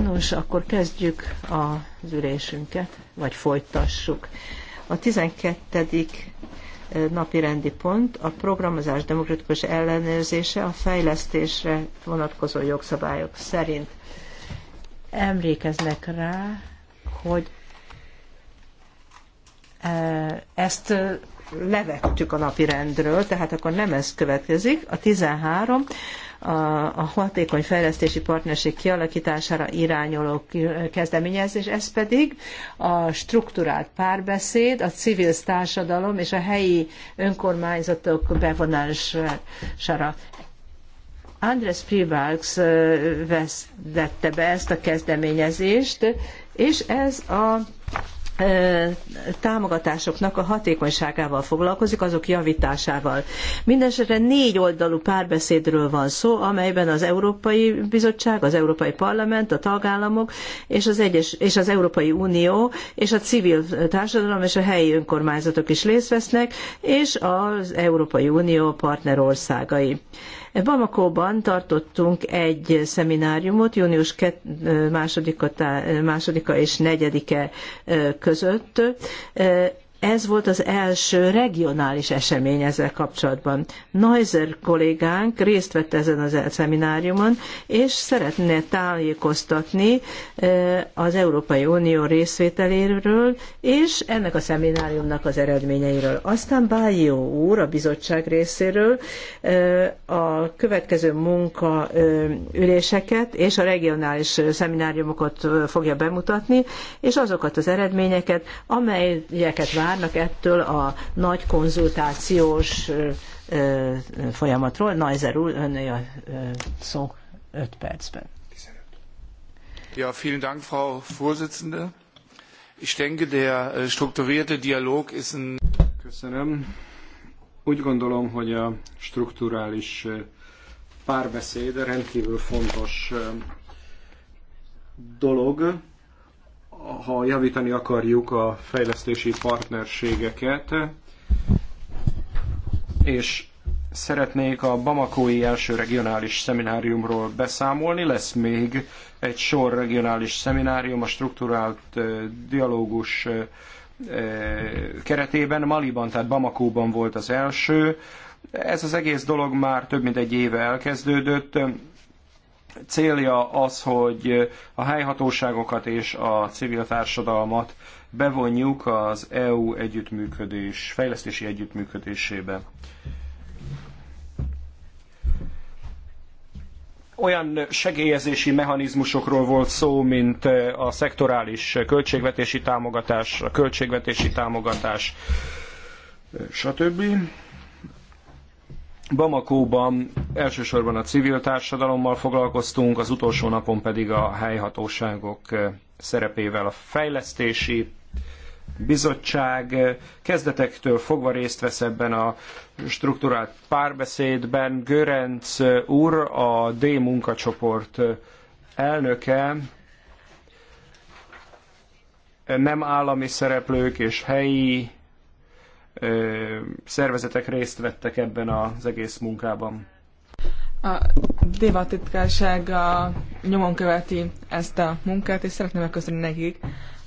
Nos, akkor kezdjük az ülésünket, vagy folytassuk. A 12. Eh, napi rendi pont a programozás demokratikus ellenőrzése a fejlesztésre vonatkozó jogszabályok szerint. Emlékeznek rá, hogy eh, ezt eh, levettük a napi rendről, tehát akkor nem ez következik. A 13 a, a hatékony fejlesztési partnerség kialakítására irányuló kezdeményezés, ez pedig a strukturált párbeszéd, a civil társadalom és a helyi önkormányzatok bevonására. Andres Privalks vesztette be ezt a kezdeményezést, és ez a támogatásoknak a hatékonyságával foglalkozik, azok javításával. Mindenesetre négy oldalú párbeszédről van szó, amelyben az Európai Bizottság, az Európai Parlament, a tagállamok és az, egyes, és az Európai Unió és a civil társadalom és a helyi önkormányzatok is részt vesznek, és az Európai Unió partnerországai. országai. Bamakóban tartottunk egy szemináriumot június 2-a, 2 és 4 között ez volt az első regionális esemény ezzel kapcsolatban. Neuser kollégánk részt vett ezen az szemináriumon, és szeretne tájékoztatni e, az Európai Unió részvételéről, és ennek a szemináriumnak az eredményeiről. Aztán Bájó úr a bizottság részéről e, a következő munka e, üléseket és a regionális szemináriumokat fogja bemutatni, és azokat az eredményeket, amelyeket vár várnak ettől a nagy konzultációs folyamatról. Najzer úr, önné a szó 5 percben. Ja, vielen Dank, Frau Vorsitzende. Ich denke, der äh, strukturierte Dialog ist ein... Köszönöm. Úgy gondolom, hogy a strukturális párbeszéd rendkívül fontos dolog, ha javítani akarjuk a fejlesztési partnerségeket, és szeretnék a Bamakói első regionális szemináriumról beszámolni. Lesz még egy sor regionális szeminárium a strukturált dialógus keretében. Maliban, tehát Bamakóban volt az első. Ez az egész dolog már több mint egy éve elkezdődött célja az, hogy a helyhatóságokat és a civil társadalmat bevonjuk az EU együttműködés, fejlesztési együttműködésébe. olyan segélyezési mechanizmusokról volt szó, mint a szektorális költségvetési támogatás, a költségvetési támogatás, stb. Bamakóban elsősorban a civil társadalommal foglalkoztunk, az utolsó napon pedig a helyhatóságok eh, szerepével a fejlesztési bizottság eh, kezdetektől fogva részt vesz ebben a strukturált párbeszédben. Görenc eh, úr, a D munkacsoport elnöke, nem állami szereplők és helyi szervezetek részt vettek ebben az egész munkában. A Déva a nyomon követi ezt a munkát, és szeretném megköszönni nekik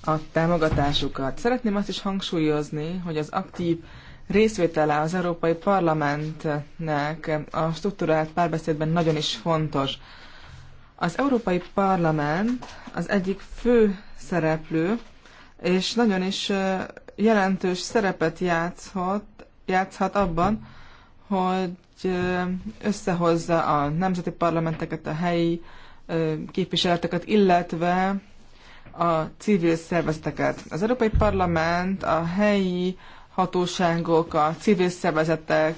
a támogatásukat. Szeretném azt is hangsúlyozni, hogy az aktív részvétele az Európai Parlamentnek a struktúrált párbeszédben nagyon is fontos. Az Európai Parlament az egyik fő szereplő, és nagyon is jelentős szerepet játszhat, játszhat abban, hogy összehozza a nemzeti parlamenteket, a helyi képviseleteket, illetve a civil szervezeteket. Az Európai Parlament a helyi hatóságok, a civil szervezetek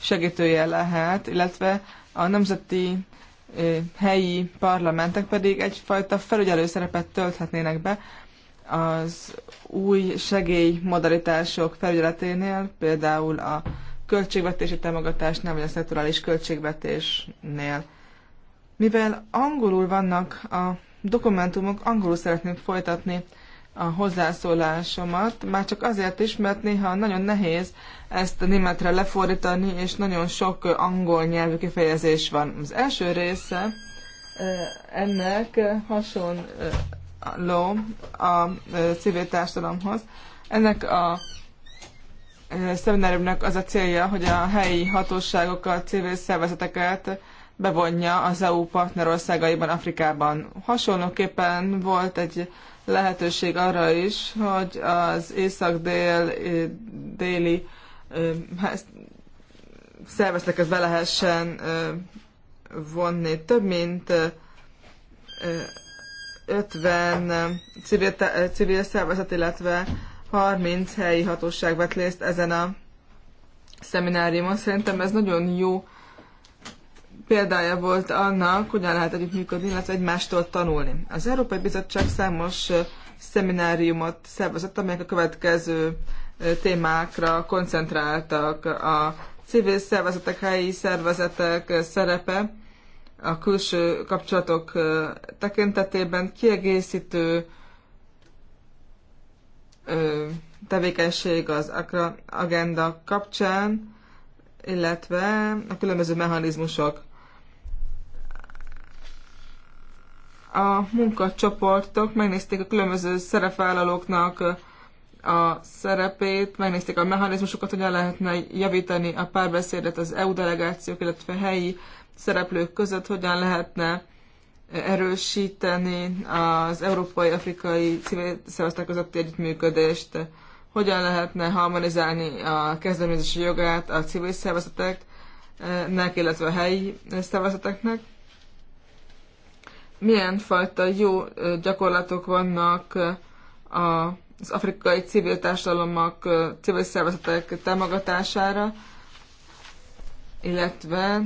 segítője lehet, illetve a nemzeti helyi parlamentek pedig egyfajta felügyelő szerepet tölthetnének be, az új segélymodalitások felügyeleténél, például a költségvetési támogatásnál, vagy a szektorális költségvetésnél. Mivel angolul vannak a dokumentumok, angolul szeretném folytatni a hozzászólásomat, már csak azért is, mert néha nagyon nehéz ezt a németre lefordítani, és nagyon sok angol nyelvű kifejezés van. Az első része eh, ennek eh, hason eh, ló a civil társadalomhoz. Ennek a szemináriumnak az a célja, hogy a helyi hatóságokat, civil szervezeteket bevonja az EU partnerországaiban, Afrikában. Hasonlóképpen volt egy lehetőség arra is, hogy az észak-dél déli szervezeteket be lehessen vonni. Több mint 50 civil, civil szervezet, illetve 30 helyi hatóság vett részt ezen a szemináriumon. Szerintem ez nagyon jó példája volt annak, hogyan lehet együttműködni, illetve egymástól tanulni. Az Európai Bizottság számos szemináriumot szervezett, amelyek a következő témákra koncentráltak. A civil szervezetek, helyi szervezetek szerepe, a külső kapcsolatok tekintetében kiegészítő tevékenység az akra agenda kapcsán, illetve a különböző mechanizmusok. A munkacsoportok megnézték a különböző szerepvállalóknak a szerepét, megnézték a mechanizmusokat, hogyan lehetne javítani a párbeszédet az EU delegációk, illetve helyi szereplők között hogyan lehetne erősíteni az európai-afrikai civil szervezetek közötti együttműködést, hogyan lehetne harmonizálni a kezdeményezési jogát a civil szervezeteknek, illetve a helyi szervezeteknek, milyen fajta jó gyakorlatok vannak az afrikai civil társadalomok, civil szervezetek támogatására, illetve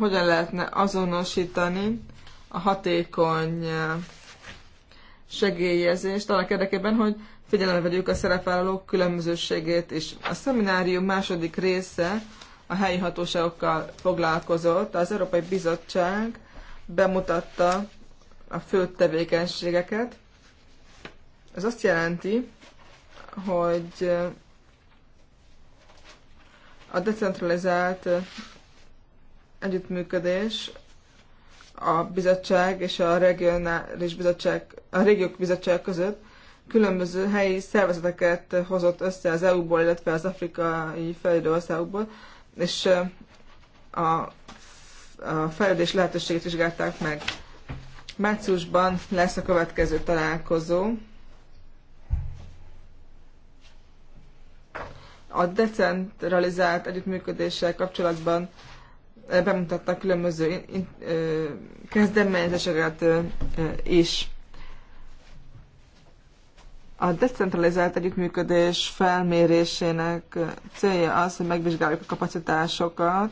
hogyan lehetne azonosítani a hatékony eh, segélyezést annak érdekében, hogy figyelembe vegyük a szerepvállalók különbözőségét is. A szeminárium második része a helyi hatóságokkal foglalkozott. Az Európai Bizottság bemutatta a fő tevékenységeket. Ez azt jelenti, hogy eh, a decentralizált eh, együttműködés a bizottság és a regionális bizottság, a régiók bizottság között különböző helyi szervezeteket hozott össze az EU-ból, illetve az afrikai fejlődő országokból, és a, a fejlődés lehetőségét vizsgálták meg. Márciusban lesz a következő találkozó. A decentralizált együttműködéssel kapcsolatban bemutatta különböző kezdeményezéseket is. A decentralizált együttműködés felmérésének célja az, hogy megvizsgáljuk a kapacitásokat,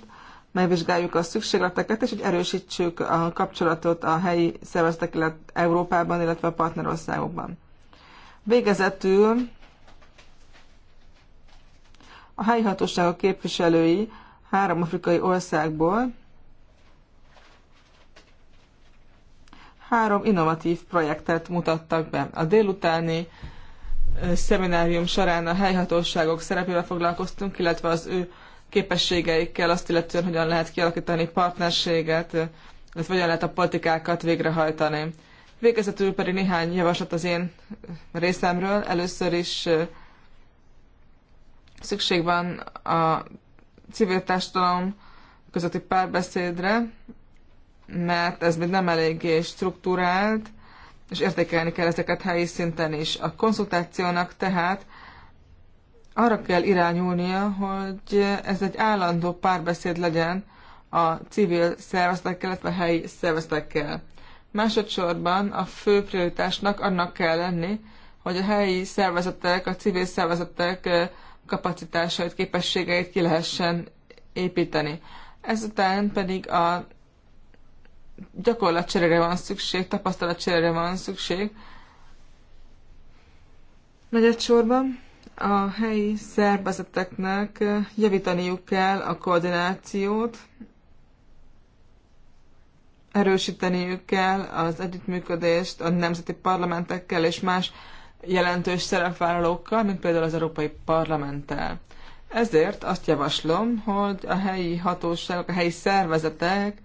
megvizsgáljuk a szükségleteket, és hogy erősítsük a kapcsolatot a helyi szervezetek, illetve Európában, illetve a partnerországokban. Végezetül a helyi hatóságok képviselői három afrikai országból három innovatív projektet mutattak be. A délutáni szeminárium során a helyhatóságok szerepével foglalkoztunk, illetve az ő képességeikkel azt illetően, hogyan lehet kialakítani partnerséget, illetve hogyan lehet a politikákat végrehajtani. Végezetül pedig néhány javaslat az én részemről. Először is szükség van a civil társadalom közötti párbeszédre, mert ez még nem eléggé struktúrált, és értékelni kell ezeket helyi szinten is. A konzultációnak tehát arra kell irányulnia, hogy ez egy állandó párbeszéd legyen a civil szervezetekkel, illetve helyi szervezetekkel. Másodszorban a fő prioritásnak annak kell lenni, hogy a helyi szervezetek, a civil szervezetek kapacitásait, képességeit ki lehessen építeni. Ezután pedig a gyakorlatcserére van szükség, tapasztalatcserére van szükség. Negyedsorban a helyi szervezeteknek javítaniuk kell a koordinációt, erősíteniük kell az együttműködést a nemzeti parlamentekkel és más jelentős szerepvállalókkal, mint például az Európai Parlamenttel. Ezért azt javaslom, hogy a helyi hatóságok, a helyi szervezetek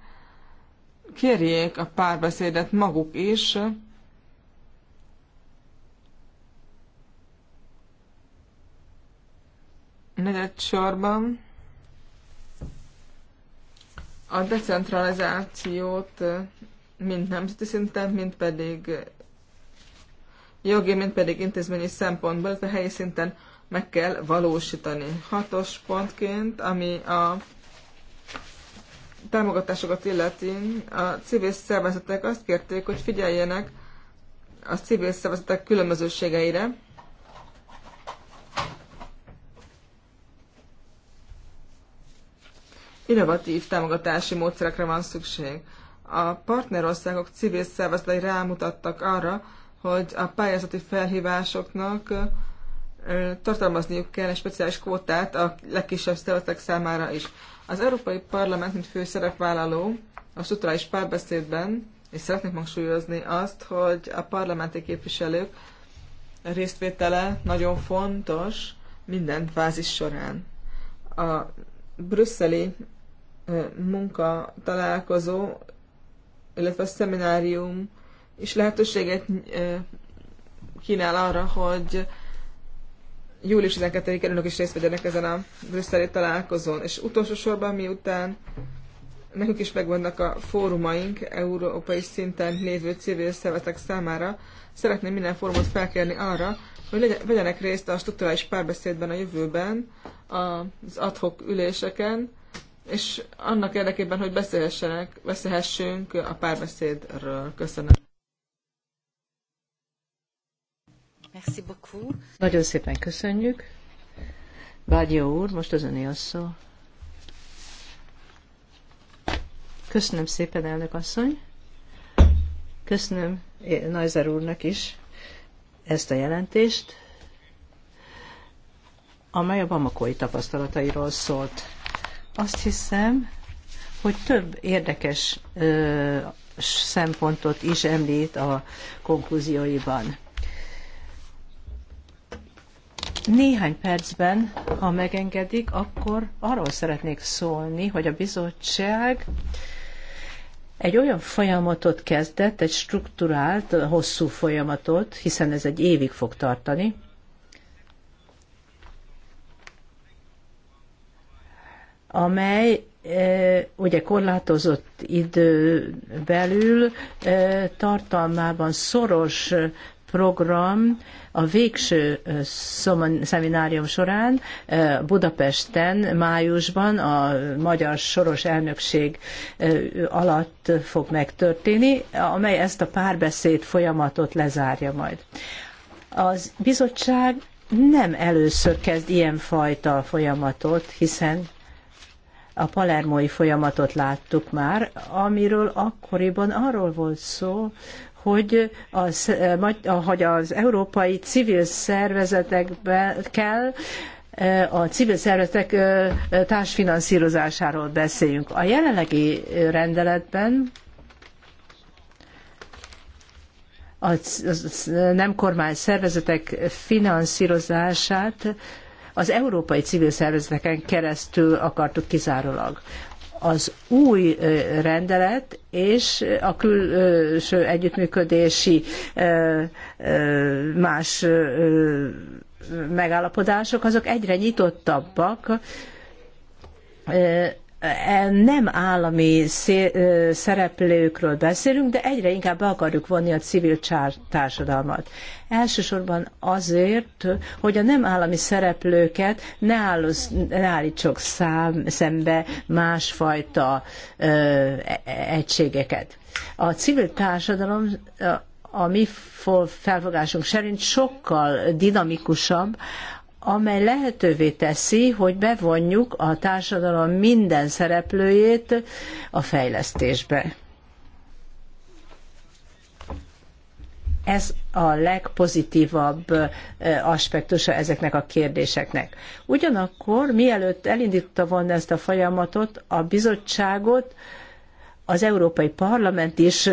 kérjék a párbeszédet maguk is, negyed sorban a decentralizációt eh, mind nemzeti szinten, mind pedig jogi, mint pedig intézményi szempontból, ezt a helyi szinten meg kell valósítani. Hatos pontként, ami a támogatásokat illeti, a civil szervezetek azt kérték, hogy figyeljenek a civil szervezetek különbözőségeire, innovatív támogatási módszerekre van szükség. A partnerországok civil szervezetei rámutattak arra, hogy a pályázati felhívásoknak tartalmazniuk kell egy speciális kvótát a legkisebb területek számára is. Az Európai Parlament, mint főszerepvállaló a strukturális párbeszédben, és szeretnék hangsúlyozni azt, hogy a parlamenti képviselők résztvétele nagyon fontos minden fázis során. A brüsszeli munka találkozó, illetve a szeminárium és lehetőséget kínál arra, hogy július 12-én önök is részt vegyenek ezen a brüsszeli találkozón. És utolsó sorban miután nekünk is megvannak a fórumaink európai szinten lévő civil szervezetek számára, szeretném minden fórumot felkérni arra, hogy vegyenek részt a struktúrális párbeszédben a jövőben, az adhok üléseken, és annak érdekében, hogy beszélhessenek, beszélhessünk a párbeszédről. Köszönöm. Merci beaucoup. Nagyon szépen köszönjük. Vágyó úr, most az öné a szó. Köszönöm szépen, elnök asszony. Köszönöm Najzer úrnak is ezt a jelentést, amely a bamakói tapasztalatairól szólt. Azt hiszem, hogy több érdekes ö, szempontot is említ a konklúzióiban. Néhány percben, ha megengedik, akkor arról szeretnék szólni, hogy a bizottság egy olyan folyamatot kezdett, egy strukturált, hosszú folyamatot, hiszen ez egy évig fog tartani, amely e, ugye korlátozott idő belül e, tartalmában szoros program a végső szeminárium során Budapesten májusban a magyar soros elnökség alatt fog megtörténni, amely ezt a párbeszéd folyamatot lezárja majd. Az bizottság nem először kezd ilyenfajta folyamatot, hiszen a palermói folyamatot láttuk már, amiről akkoriban arról volt szó, hogy az, eh, hogy az európai civil szervezetekbe kell eh, a civil szervezetek eh, társfinanszírozásáról beszéljünk. A jelenlegi rendeletben a nem kormány szervezetek finanszírozását az európai civil szervezeteken keresztül akartuk kizárólag az új rendelet és a külső együttműködési más megállapodások, azok egyre nyitottabbak E, nem állami szereplőkről beszélünk, de egyre inkább be akarjuk vonni a civil társadalmat. Elsősorban azért, hogy a nem állami szereplőket ne, állusz, ne állítsuk szám, szembe másfajta ö, e, e, egységeket. A civil társadalom a mi felfogásunk szerint sokkal dinamikusabb amely lehetővé teszi, hogy bevonjuk a társadalom minden szereplőjét a fejlesztésbe. Ez a legpozitívabb aspektusa ezeknek a kérdéseknek. Ugyanakkor, mielőtt elindította volna ezt a folyamatot, a bizottságot az Európai Parlament is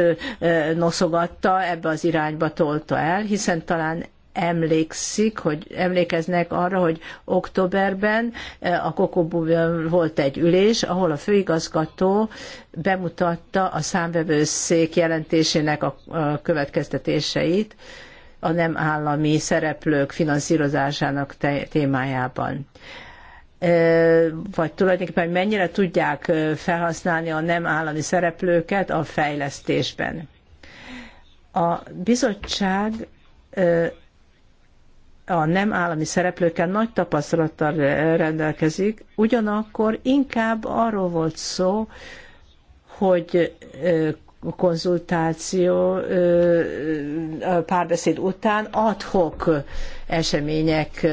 noszogatta, ebbe az irányba tolta el, hiszen talán emlékszik, hogy emlékeznek arra, hogy októberben eh, a Kokobúban volt egy ülés, ahol a főigazgató bemutatta a számvevőszék jelentésének a következtetéseit a nem állami szereplők finanszírozásának témájában eh, vagy tulajdonképpen mennyire tudják eh, felhasználni a nem állami szereplőket a fejlesztésben. A bizottság a nem állami szereplőkkel nagy tapasztalattal rendelkezik, ugyanakkor inkább arról volt szó, hogy konzultáció párbeszéd után adhok események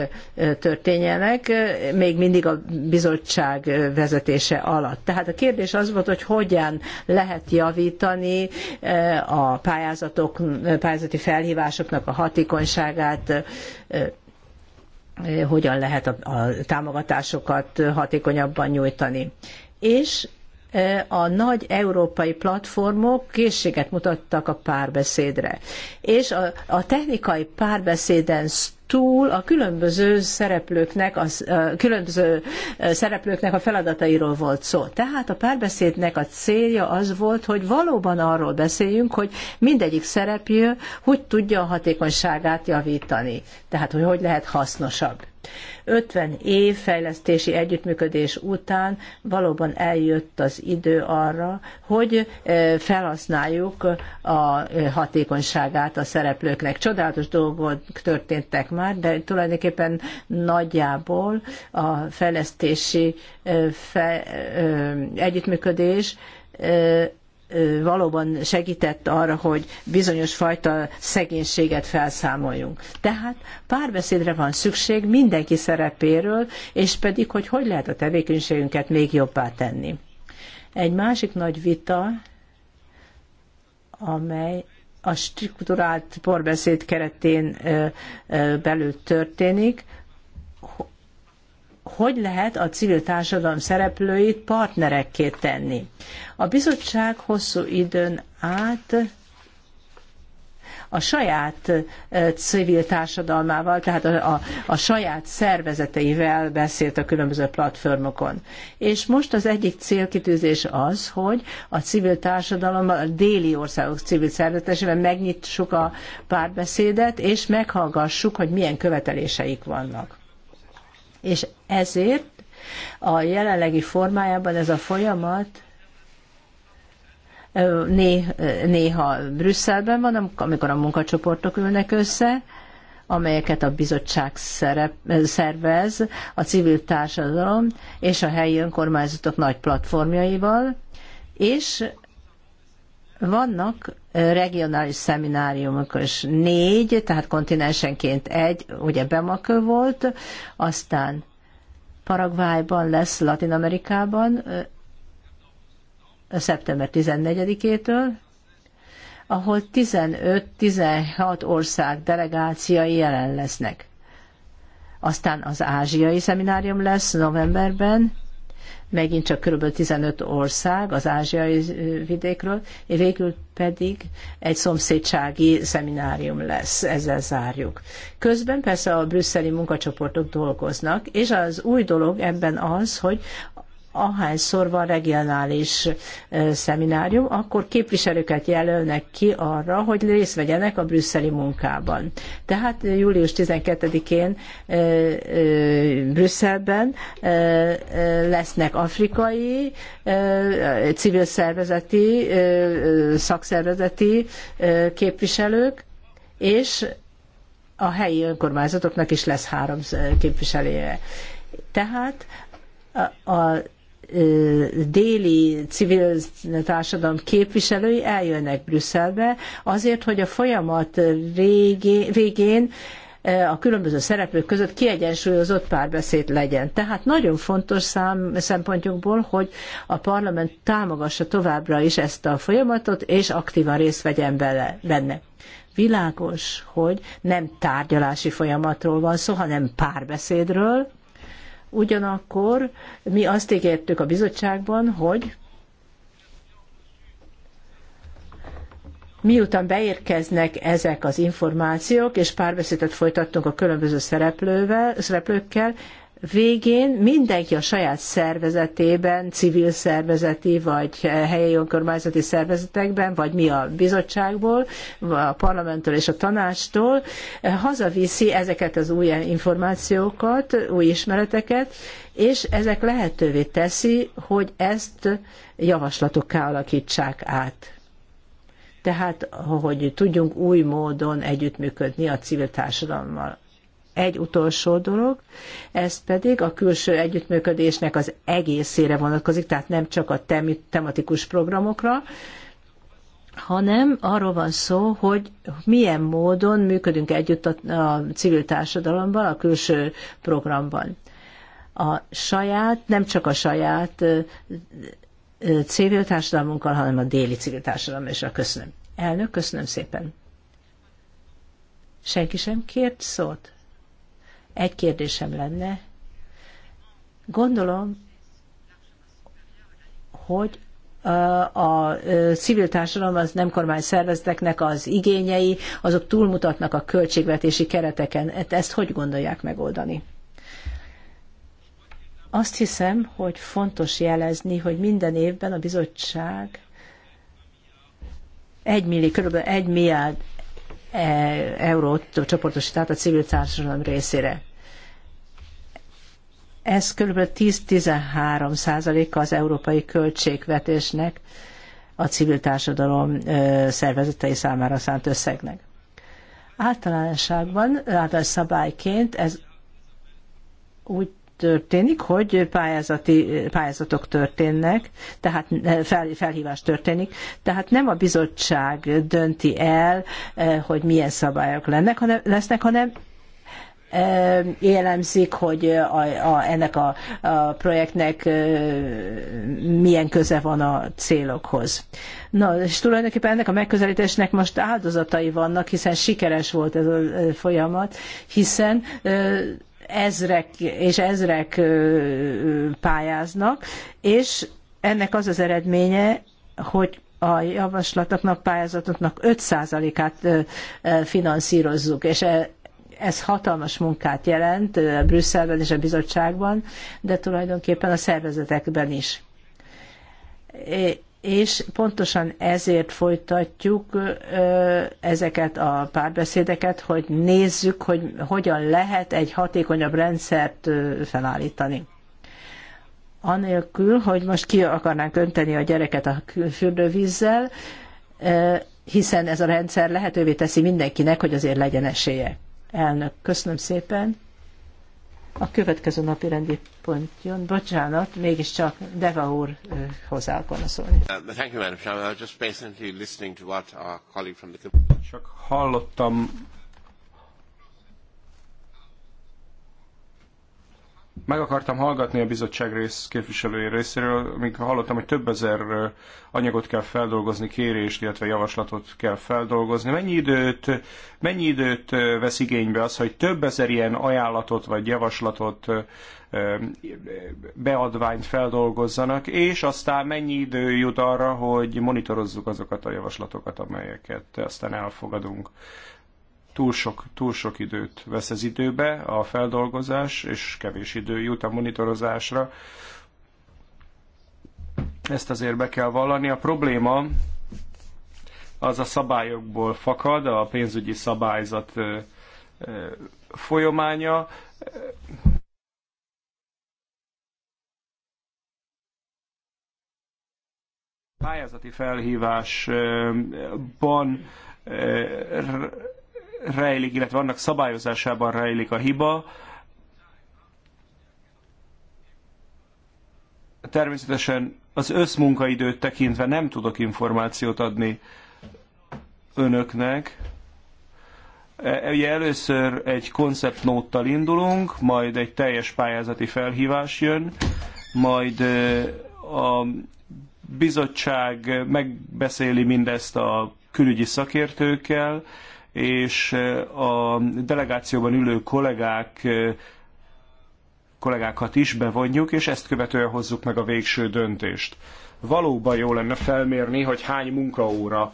történjenek, még mindig a bizottság vezetése alatt. Tehát a kérdés az volt, hogy hogyan lehet javítani a pályázatok, pályázati felhívásoknak a hatékonyságát, hogyan lehet a, támogatásokat hatékonyabban nyújtani. És a nagy európai platformok készséget mutattak a párbeszédre. És a, a technikai párbeszéden túl a különböző szereplőknek, a különböző szereplőknek a feladatairól volt szó. Tehát a párbeszédnek a célja az volt, hogy valóban arról beszéljünk, hogy mindegyik szereplő hogy tudja a hatékonyságát javítani. Tehát, hogy hogy lehet hasznosabb. 50 év fejlesztési együttműködés után valóban eljött az idő arra, hogy e, felhasználjuk a e, hatékonyságát a szereplőknek. Csodálatos dolgok történtek már, de tulajdonképpen nagyjából a fejlesztési e, fe, együttműködés valóban segített arra, hogy bizonyos fajta szegénységet felszámoljunk. Tehát párbeszédre van szükség mindenki szerepéről, és pedig, hogy hogy lehet a tevékenységünket még jobbá tenni. Egy másik nagy vita, amely a strukturált porbeszéd keretén belül történik, hogy lehet a civil társadalom szereplőit partnerekké tenni. A bizottság hosszú időn át a saját civil társadalmával, tehát a, a, a saját szervezeteivel beszélt a különböző platformokon. És most az egyik célkitűzés az, hogy a civil társadalom, a déli országok civil szervezetesével megnyitsuk a párbeszédet, és meghallgassuk, hogy milyen követeléseik vannak. És ezért a jelenlegi formájában ez a folyamat néha Brüsszelben van, amikor a munkacsoportok ülnek össze, amelyeket a bizottság szerep, szervez, a civil társadalom és a helyi önkormányzatok nagy platformjaival, és vannak regionális szemináriumok is négy, tehát kontinensenként egy, ugye Bemakő volt, aztán Paraguayban lesz, Latin Amerikában, szeptember 14-től, ahol 15-16 ország delegáciai jelen lesznek. Aztán az ázsiai szeminárium lesz novemberben, megint csak kb. 15 ország az ázsiai vidékről, és végül pedig egy szomszédsági szeminárium lesz, ezzel zárjuk. Közben persze a brüsszeli munkacsoportok dolgoznak, és az új dolog ebben az, hogy ahányszor van regionális szeminárium, akkor képviselőket jelölnek ki arra, hogy részt vegyenek a brüsszeli munkában. Tehát július 12-én Brüsszelben lesznek afrikai, civil szervezeti, szakszervezeti képviselők, és a helyi önkormányzatoknak is lesz három képviselője. Tehát a, a déli civil társadalom képviselői eljönnek Brüsszelbe azért, hogy a folyamat végén a különböző szereplők között kiegyensúlyozott párbeszéd legyen. Tehát nagyon fontos szám, szempontjunkból, hogy a parlament támogassa továbbra is ezt a folyamatot, és aktívan részt vegyen bele, benne. Világos, hogy nem tárgyalási folyamatról van szó, hanem párbeszédről, Ugyanakkor mi azt ígértük a bizottságban, hogy miután beérkeznek ezek az információk, és párbeszédet folytattunk a különböző szereplővel, szereplőkkel, végén mindenki a saját szervezetében, civil szervezeti vagy eh, helyi önkormányzati szervezetekben, vagy mi a bizottságból, a parlamenttől és a tanácstól eh, hazaviszi ezeket az új információkat, új ismereteket, és ezek lehetővé teszi, hogy ezt javaslatokká alakítsák át. Tehát, hogy tudjunk új módon együttműködni a civil társadalommal egy utolsó dolog, ez pedig a külső együttműködésnek az egészére vonatkozik, tehát nem csak a tematikus programokra, hanem arról van szó, hogy milyen módon működünk együtt a, a civil társadalomban, a külső programban. A saját, nem csak a saját civil társadalmunkkal, hanem a déli civil társadalommal is. Köszönöm. Elnök, köszönöm szépen. Senki sem kért szót? Egy kérdésem lenne. Gondolom, hogy a civil társadalom az nem kormány szervezeteknek az igényei, azok túlmutatnak a költségvetési kereteken. Ezt hogy gondolják megoldani? Azt hiszem, hogy fontos jelezni, hogy minden évben a bizottság egy millió, kb. egy milliárd e, eurót csoportosít át a civil társadalom részére. Ez kb. 10-13 százaléka az európai költségvetésnek a civil társadalom szervezetei számára szánt összegnek. Általánosságban, általános szabályként ez úgy történik, hogy pályázati, pályázatok történnek, tehát fel, felhívás történik, tehát nem a bizottság dönti el, hogy milyen szabályok lennek, hanem, lesznek, hanem jellemzik, hogy a, a, ennek a, a projektnek milyen köze van a célokhoz. Na, és tulajdonképpen ennek a megközelítésnek most áldozatai vannak, hiszen sikeres volt ez a folyamat, hiszen ezrek és ezrek pályáznak, és ennek az az eredménye, hogy a javaslatoknak, pályázatoknak 5%-át finanszírozzuk, és ez hatalmas munkát jelent Brüsszelben és a bizottságban, de tulajdonképpen a szervezetekben is. És pontosan ezért folytatjuk ezeket a párbeszédeket, hogy nézzük, hogy hogyan lehet egy hatékonyabb rendszert felállítani. Anélkül, hogy most ki akarnánk önteni a gyereket a fürdővízzel, hiszen ez a rendszer lehetővé teszi mindenkinek, hogy azért legyen esélye. Elnök, köszönöm szépen. A következő napi rendi pont jön. Bocsánat, mégiscsak Deva úr hozzá akarna szólni. Uh, Csak hallottam meg akartam hallgatni a bizottság rész képviselői részéről, amíg hallottam, hogy több ezer anyagot kell feldolgozni, kérést, illetve javaslatot kell feldolgozni. Mennyi időt, mennyi időt vesz igénybe az, hogy több ezer ilyen ajánlatot vagy javaslatot, beadványt feldolgozzanak, és aztán mennyi idő jut arra, hogy monitorozzuk azokat a javaslatokat, amelyeket aztán elfogadunk túl sok, túl sok időt vesz ez időbe a feldolgozás, és kevés idő jut a monitorozásra. Ezt azért be kell vallani. A probléma az a szabályokból fakad, a pénzügyi szabályzat folyamánya. Pályázati felhívásban rejlik, illetve annak szabályozásában rejlik a hiba. Természetesen az összmunkaidőt tekintve nem tudok információt adni önöknek. E, ugye először egy konceptnóttal indulunk, majd egy teljes pályázati felhívás jön, majd e, a bizottság megbeszéli mindezt a külügyi szakértőkkel, és a delegációban ülő kollégák kollégákat is bevonjuk, és ezt követően hozzuk meg a végső döntést. Valóban jó lenne felmérni, hogy hány munkaóra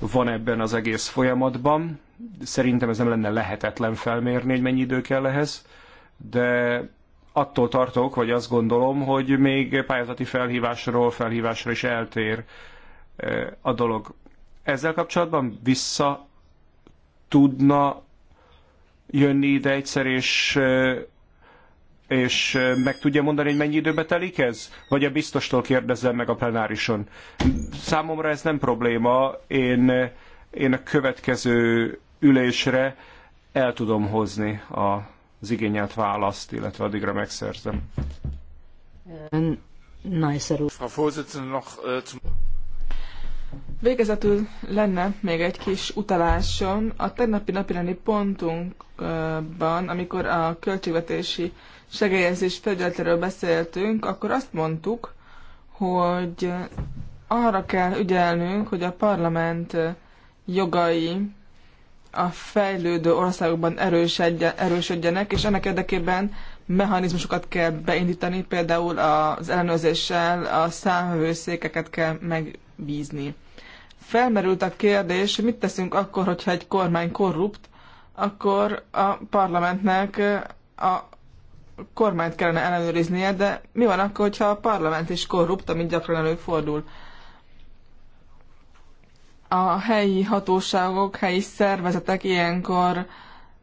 van ebben az egész folyamatban. Szerintem ez nem lenne lehetetlen felmérni, hogy mennyi idő kell ehhez, de attól tartok, vagy azt gondolom, hogy még pályázati felhívásról felhívásra is eltér a dolog. Ezzel kapcsolatban vissza tudna jönni ide egyszer, és, és meg tudja mondani, hogy mennyi időbe telik ez? Vagy a biztostól kérdezzem meg a plenárison. Számomra ez nem probléma, én, én a következő ülésre el tudom hozni az igényelt választ, illetve addigra megszerzem. Neisser úr. Végezetül lenne még egy kis utalásom. A tegnapi napirendi pontunkban, amikor a költségvetési segélyezés felügyeletéről beszéltünk, akkor azt mondtuk, hogy arra kell ügyelnünk, hogy a parlament jogai a fejlődő országokban erősödjenek, és ennek érdekében mechanizmusokat kell beindítani, például az ellenőrzéssel a számvevőszékeket kell meg bízni. Felmerült a kérdés, mit teszünk akkor, hogyha egy kormány korrupt, akkor a parlamentnek eh, a kormányt kellene ellenőriznie, de mi van akkor, hogyha a parlament is korrupt, amit gyakran előfordul? A helyi hatóságok, helyi szervezetek ilyenkor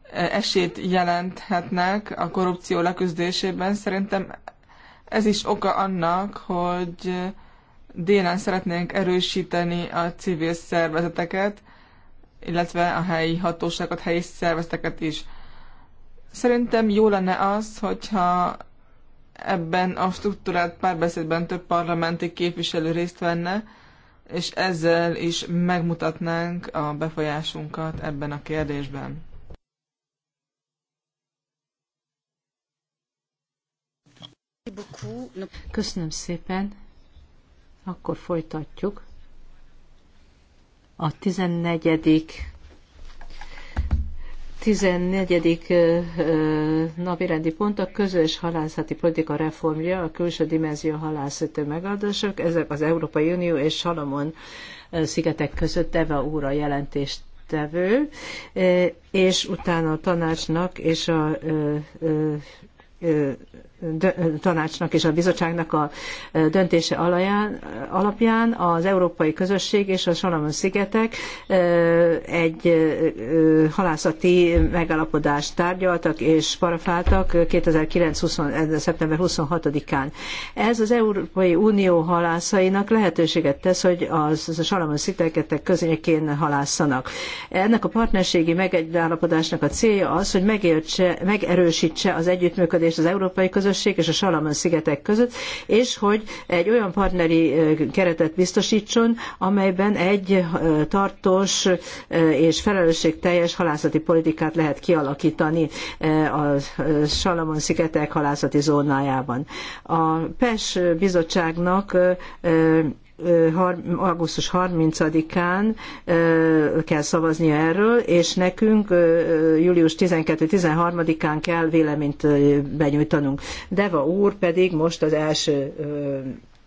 eh, esét jelenthetnek a korrupció leküzdésében. Szerintem ez is oka annak, hogy eh, délen szeretnénk erősíteni a civil szervezeteket, illetve a helyi hatóságot, helyi szervezeteket is. Szerintem jó lenne az, hogyha ebben a struktúrált párbeszédben több parlamenti képviselő részt venne, és ezzel is megmutatnánk a befolyásunkat ebben a kérdésben. Köszönöm szépen. Akkor folytatjuk. A 14. 14. napirendi rendi pont a közös halászati politika reformja, a külső dimenzió halászatő megadások ezek az Európai Unió és Salomon szigetek között Eva óra jelentést tevő, és utána a tanácsnak és a tanácsnak és a bizottságnak a döntése alaján, alapján az európai közösség és a Salamon szigetek egy halászati megalapodást tárgyaltak és parafáltak 2009. szeptember 26-án. Ez az Európai Unió halászainak lehetőséget tesz, hogy az, a Salamon szigetek közényekén halászanak. Ennek a partnerségi megállapodásnak a célja az, hogy megértse, megerősítse az együttműködést az európai közösség közösség és a Salamon szigetek között, és hogy egy olyan partneri keretet biztosítson, amelyben egy tartós és felelősségteljes halászati politikát lehet kialakítani a Salamon szigetek halászati zónájában. A PES bizottságnak augusztus 30-án kell szavaznia erről, és nekünk július 12-13-án kell véleményt benyújtanunk. Deva úr pedig most az első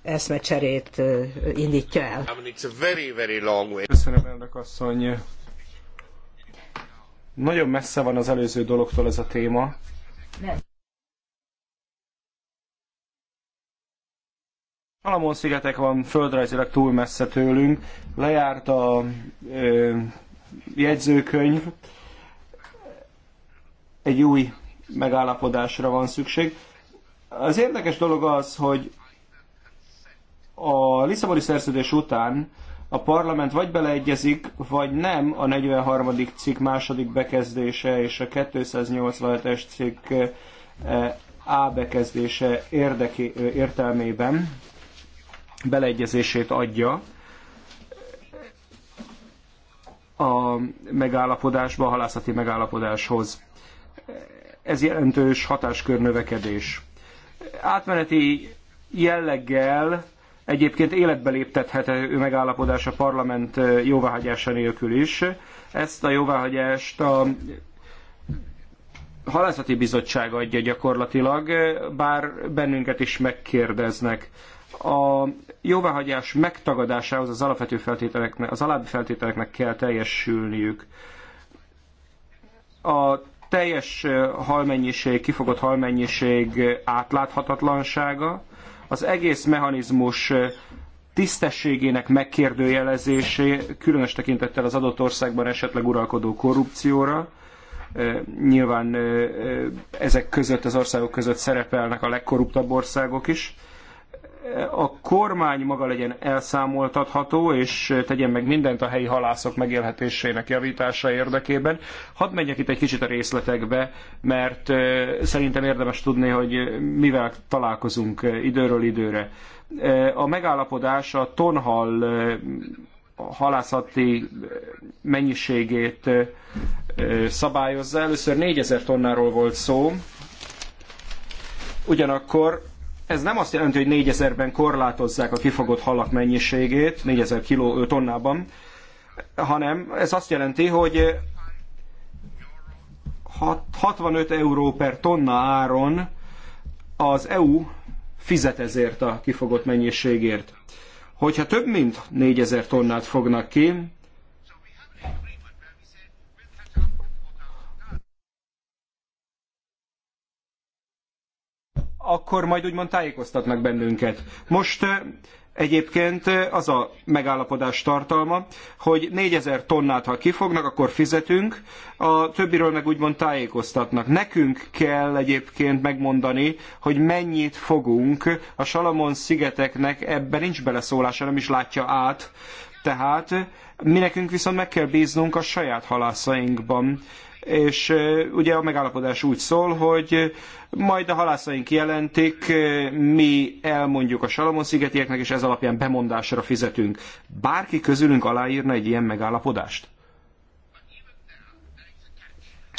eszmecserét indítja el. Köszönöm, elnök asszony. Nagyon messze van az előző dologtól ez a téma. Nem. Salamon-szigetek van földrajzilag túl messze tőlünk. Lejárt a ö, jegyzőkönyv. Egy új megállapodásra van szükség. Az érdekes dolog az, hogy a Lisszaboni szerződés után a parlament vagy beleegyezik, vagy nem a 43. cikk második bekezdése és a 287-es cikk A bekezdése érdeké, értelmében beleegyezését adja a megállapodásba, a halászati megállapodáshoz. Ez jelentős hatáskör növekedés. Átmeneti jelleggel egyébként életbe léptethető megállapodás a parlament jóváhagyása nélkül is. Ezt a jóváhagyást a halászati bizottság adja gyakorlatilag, bár bennünket is megkérdeznek. A jóváhagyás megtagadásához az alapvető feltételeknek, az alábbi feltételeknek kell teljesülniük. A teljes halmennyiség, kifogott halmennyiség átláthatatlansága, az egész mechanizmus tisztességének megkérdőjelezésé, különös tekintettel az adott országban esetleg uralkodó korrupcióra. Nyilván ezek között, az országok között szerepelnek a legkorruptabb országok is a kormány maga legyen elszámoltatható, és tegyen meg mindent a helyi halászok megélhetésének javítása érdekében. Hadd menjek itt egy kicsit a részletekbe, mert szerintem érdemes tudni, hogy mivel találkozunk időről időre. A megállapodás a tonhal halászati mennyiségét szabályozza. Először 4000 tonnáról volt szó, ugyanakkor ez nem azt jelenti, hogy 4000-ben korlátozzák a kifogott halak mennyiségét, 4000 kiló tonnában, hanem ez azt jelenti, hogy 65 euró per tonna áron az EU fizet ezért a kifogott mennyiségért. Hogyha több mint 4000 tonnát fognak ki, akkor majd úgymond tájékoztatnak bennünket. Most Egyébként az a megállapodás tartalma, hogy 4000 tonnát, ha kifognak, akkor fizetünk, a többiről meg úgymond tájékoztatnak. Nekünk kell egyébként megmondani, hogy mennyit fogunk. A Salamon szigeteknek ebben nincs beleszólása, nem is látja át. Tehát mi nekünk viszont meg kell bíznunk a saját halászainkban és ugye a megállapodás úgy szól, hogy majd a halászaink jelentik, mi elmondjuk a Salamon-szigetieknek, és ez alapján bemondásra fizetünk. Bárki közülünk aláírna egy ilyen megállapodást?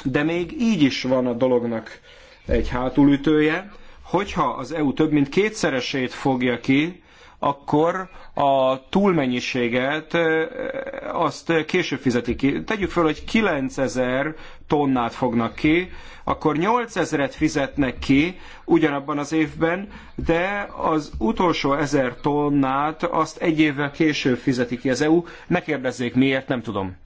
De még így is van a dolognak egy hátulütője, hogyha az EU több mint kétszeresét fogja ki akkor a túlmennyiséget azt később fizetik ki. Tegyük föl, hogy 9000 tonnát fognak ki, akkor 8000-et fizetnek ki ugyanabban az évben, de az utolsó 1000 tonnát azt egy évvel később fizeti ki az EU. Ne kérdezzék miért, nem tudom.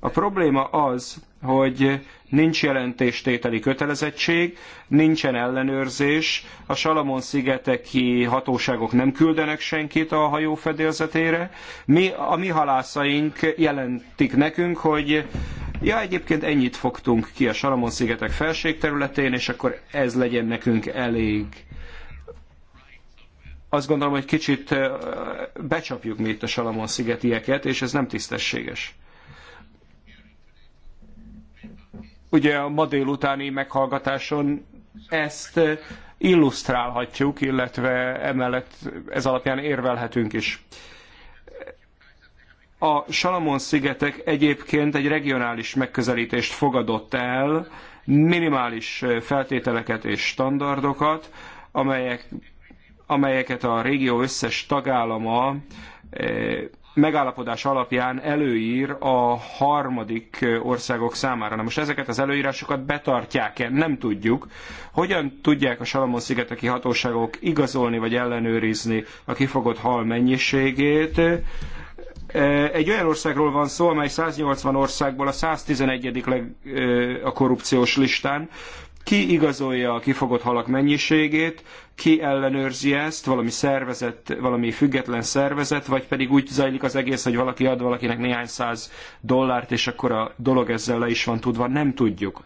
A probléma az, hogy nincs jelentéstételi kötelezettség, nincsen ellenőrzés, a Salamon-szigeteki hatóságok nem küldenek senkit a hajó fedélzetére. Mi, a mi halászaink jelentik nekünk, hogy ja, egyébként ennyit fogtunk ki a Salamon-szigetek felségterületén, és akkor ez legyen nekünk elég. Azt gondolom, hogy kicsit becsapjuk mi itt a Salamon-szigetieket, és ez nem tisztességes. ugye a ma délutáni meghallgatáson ezt illusztrálhatjuk, illetve emellett ez alapján érvelhetünk is. A Salamon-szigetek egyébként egy regionális megközelítést fogadott el, minimális feltételeket és standardokat, amelyek, amelyeket a régió összes tagállama eh, megállapodás alapján előír a harmadik országok számára. Na most ezeket az előírásokat betartják-e? Nem tudjuk. Hogyan tudják a Salamon-szigeteki hatóságok igazolni vagy ellenőrizni a kifogott hal mennyiségét? E, egy olyan országról van szó, amely 180 országból a 111. Leg, e, a korrupciós listán ki igazolja a kifogott halak mennyiségét, ki ellenőrzi ezt, valami szervezet, valami független szervezet, vagy pedig úgy zajlik az egész, hogy valaki ad valakinek néhány száz dollárt, és akkor a dolog ezzel le is van tudva, nem tudjuk.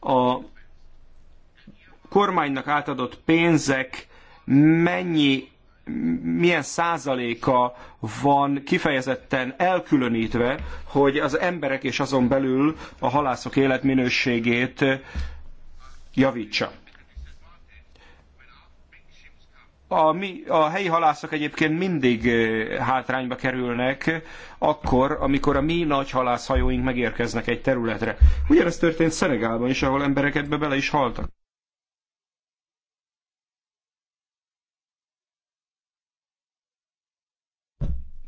A kormánynak átadott pénzek mennyi milyen százaléka van kifejezetten elkülönítve, hogy az emberek és azon belül a halászok életminőségét javítsa. A, mi, a helyi halászok egyébként mindig eh, hátrányba kerülnek, akkor, amikor a mi nagy halászhajóink megérkeznek egy területre. Ugyanez történt Szenegálban is, ahol emberek ebbe bele is haltak.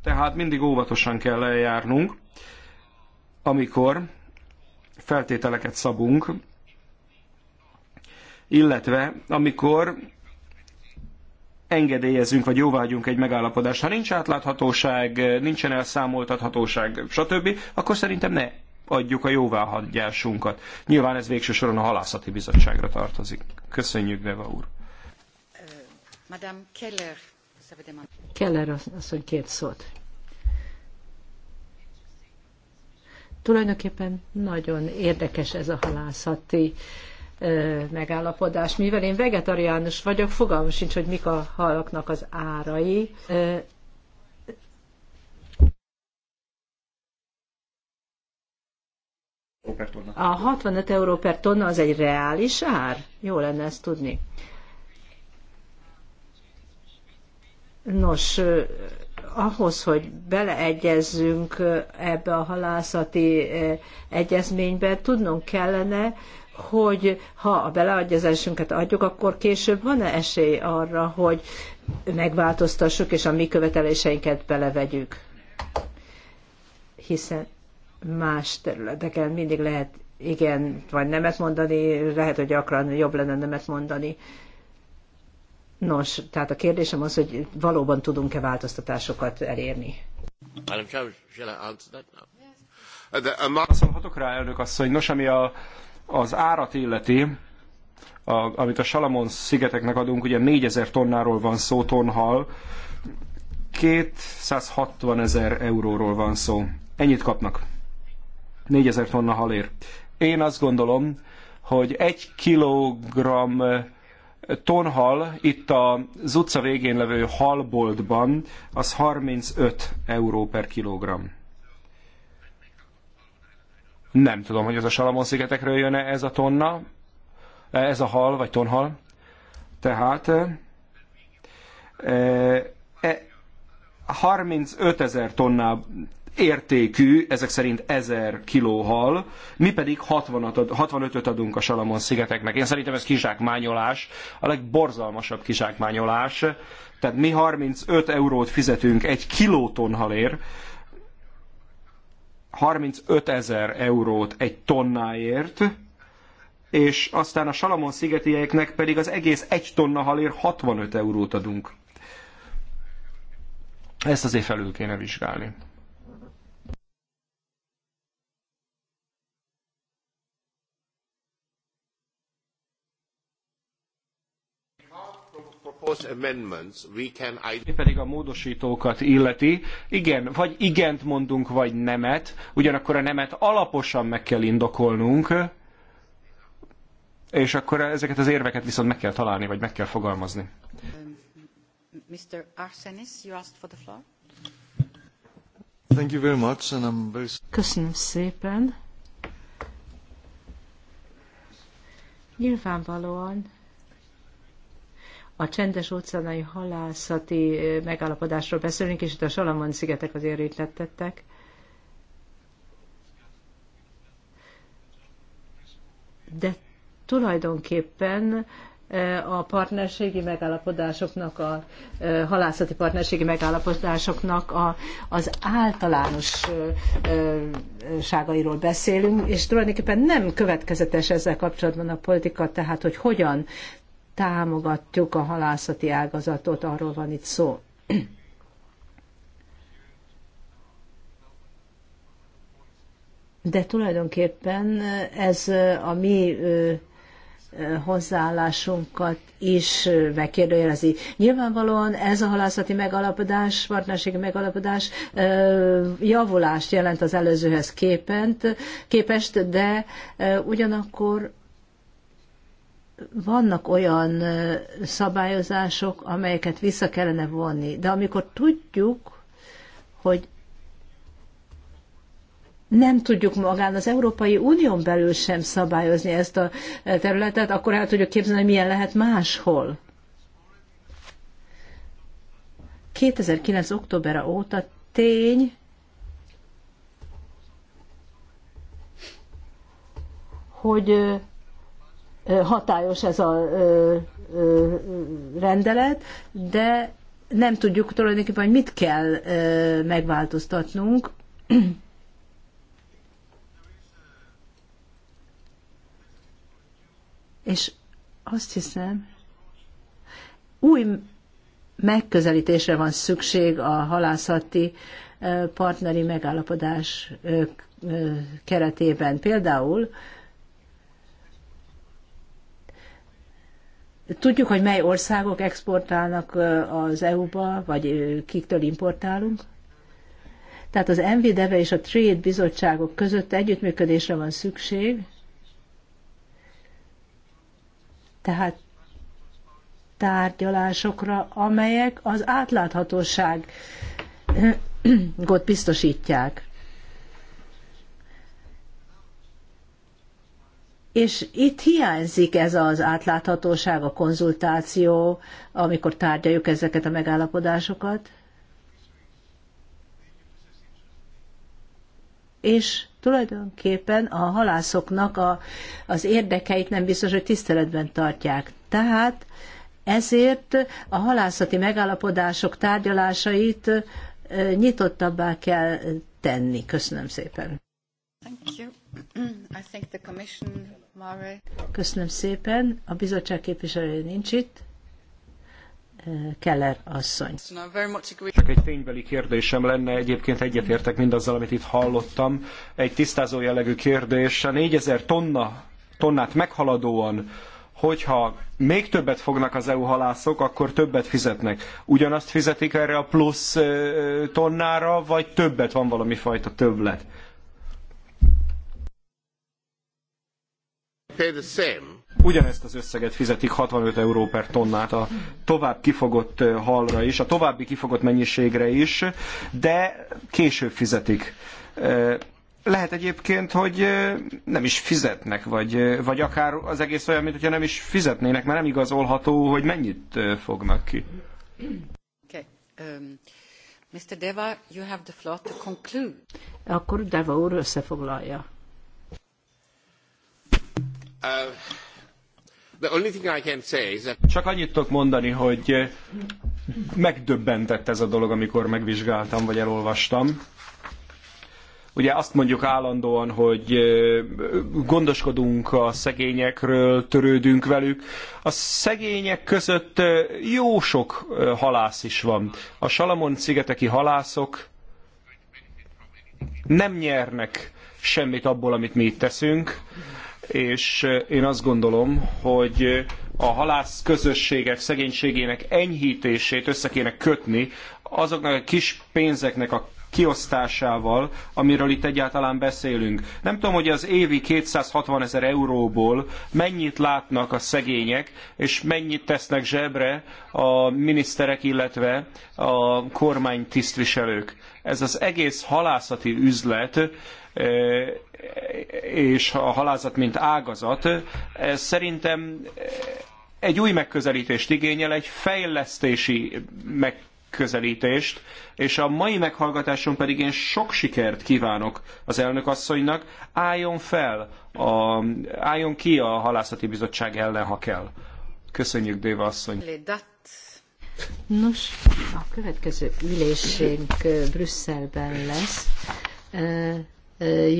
Tehát mindig óvatosan kell eljárnunk, amikor feltételeket szabunk, illetve amikor engedélyezünk vagy jóvágyunk egy megállapodást. Ha nincs átláthatóság, nincsen elszámoltathatóság, stb., akkor szerintem ne adjuk a jóváhagyásunkat. Nyilván ez végső soron a halászati bizottságra tartozik. Köszönjük, Deva úr. Madame Keller. Keller asszony két szót. Tulajdonképpen nagyon érdekes ez a halászati megállapodás. Mivel én vegetariánus vagyok, fogalmam sincs, hogy mik a halaknak az árai. A 65 euró per tonna az egy reális ár? Jó lenne ezt tudni. Nos, ahhoz, hogy beleegyezzünk ebbe a halászati egyezménybe, tudnunk kellene, hogy ha a beleegyezésünket adjuk, akkor később van-e esély arra, hogy megváltoztassuk, és a mi követeléseinket belevegyük? Hiszen más területeken mindig lehet igen vagy nemet mondani, lehet, hogy gyakran jobb lenne nemet mondani. Nos, tehát a kérdésem az, hogy valóban tudunk-e változtatásokat elérni. De Chair, Szólhatok rá, elnök asszony. Nos, ami a, az árat illeti, a, amit a Salamon szigeteknek adunk, ugye 4000 tonnáról van szó, tonhal, 260 ezer euróról van szó. Ennyit kapnak. 4000 tonna halér. Én azt gondolom, hogy egy kilogramm tonhal itt az utca végén levő halboltban az 35 euró per kilogramm. Nem tudom, hogy ez a Salamon-szigetekről jön -e ez a tonna, e, ez a hal, vagy tonhal. Tehát e, 35 e, ezer tonná, értékű, ezek szerint 1000 kiló hal, mi pedig 65-öt adunk a Salamon szigeteknek. Én szerintem ez kizsákmányolás, a legborzalmasabb kizsákmányolás. Tehát mi 35 eurót fizetünk egy kilóton halér, 35 ezer eurót egy tonnáért, és aztán a Salamon szigetieknek pedig az egész egy tonna halér 65 eurót adunk. Ezt azért felül kéne vizsgálni. Mi pedig a módosítókat illeti, igen, vagy igent mondunk, vagy nemet, ugyanakkor a nemet alaposan meg kell indokolnunk, és akkor ezeket az érveket viszont meg kell találni, vagy meg kell fogalmazni. Mr. Um, Arsenis, you asked for the floor. Thank you very much, and I'm very... Köszönöm szépen. Nyilvánvalóan a csendes óceánai halászati megállapodásról beszélünk, és itt a Salamon szigetek az érintettek. De tulajdonképpen a partnerségi megállapodásoknak, a halászati partnerségi megállapodásoknak a, az általánosságairól beszélünk, és tulajdonképpen nem következetes ezzel kapcsolatban a politika, tehát hogy hogyan támogatjuk a halászati ágazatot, arról van itt szó. De tulajdonképpen ez a mi hozzáállásunkat is megkérdőjelezi. Nyilvánvalóan ez a halászati megalapodás, partnerségi megalapodás javulást jelent az előzőhez képent, képest, de ugyanakkor vannak olyan szabályozások, amelyeket vissza kellene vonni. De amikor tudjuk, hogy nem tudjuk magán az Európai Unión belül sem szabályozni ezt a e, területet, akkor el tudjuk képzelni, hogy milyen lehet máshol. 2009. október óta tény, hogy hatályos ez a rendelet, de nem tudjuk tulajdonképpen, hogy mit kell megváltoztatnunk. És azt hiszem, új megközelítésre van szükség a halászati partneri megállapodás keretében. Például Tudjuk, hogy mely országok exportálnak az EU-ba, vagy kiktől importálunk. Tehát az NVDEVE és a Trade bizottságok között együttműködésre van szükség. Tehát tárgyalásokra, amelyek az átláthatóságot biztosítják. És itt hiányzik ez az átláthatóság, a konzultáció, amikor tárgyaljuk ezeket a megállapodásokat. És tulajdonképpen a halászoknak a, az érdekeit nem biztos, hogy tiszteletben tartják. Tehát ezért a halászati megállapodások tárgyalásait nyitottabbá kell tenni. Köszönöm szépen. Thank you. I think the commission Köszönöm szépen. A bizottság képviselője nincs itt. Keller asszony. Csak egy ténybeli kérdésem lenne, egyébként egyetértek mindazzal, amit itt hallottam. Egy tisztázó jellegű kérdés. A 4000 tonna, tonnát meghaladóan, hogyha még többet fognak az EU halászok, akkor többet fizetnek. Ugyanazt fizetik erre a plusz tonnára, vagy többet van valami fajta többlet? Ugyanezt az összeget fizetik 65 euró per tonnát a tovább kifogott halra is, a további kifogott mennyiségre is, de később fizetik. Lehet egyébként, hogy nem is fizetnek, vagy, vagy akár az egész olyan, mintha nem is fizetnének, mert nem igazolható, hogy mennyit fognak ki. Okay. Um, Mr. Deva, you have the floor to conclude. Akkor Deva úr összefoglalja. Uh, Csak annyit tudok mondani, hogy eh, megdöbbentett ez a dolog, amikor megvizsgáltam, vagy elolvastam. Ugye azt mondjuk állandóan, hogy eh, gondoskodunk a szegényekről, törődünk velük. A szegények között eh, jó sok halász is van. A Salamon-szigeteki halászok nem nyernek semmit abból, amit mi itt teszünk és eh, én azt gondolom, hogy eh, a halász közösségek szegénységének enyhítését össze kéne kötni azoknak a kis pénzeknek a kiosztásával, amiről itt egyáltalán beszélünk. Nem tudom, hogy az évi 260 ezer euróból mennyit látnak a szegények, és mennyit tesznek zsebre a miniszterek, illetve a kormány tisztviselők. Ez az egész halászati üzlet eh, és a halászat, mint ágazat, ez szerintem egy új megközelítést igényel, egy fejlesztési megközelítést, és a mai meghallgatáson pedig én sok sikert kívánok az elnök asszonynak, álljon fel, a, álljon ki a halászati bizottság ellen, ha kell. Köszönjük, Déva asszony. Nos, a következő ülésünk Brüsszelben lesz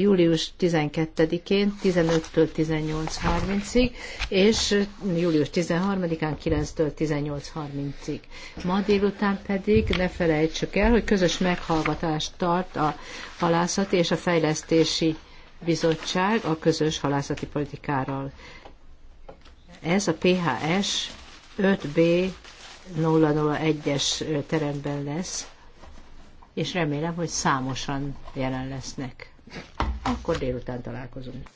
július 12-én 15-től 18.30-ig, és július 13-án 9-től 18.30-ig. Ma délután pedig ne felejtsük el, hogy közös meghallgatást tart a halászati és a fejlesztési bizottság a közös halászati politikáról. Ez a PHS 5B 001-es teremben lesz, és remélem, hogy számosan jelen lesznek. Akkor délután találkozunk.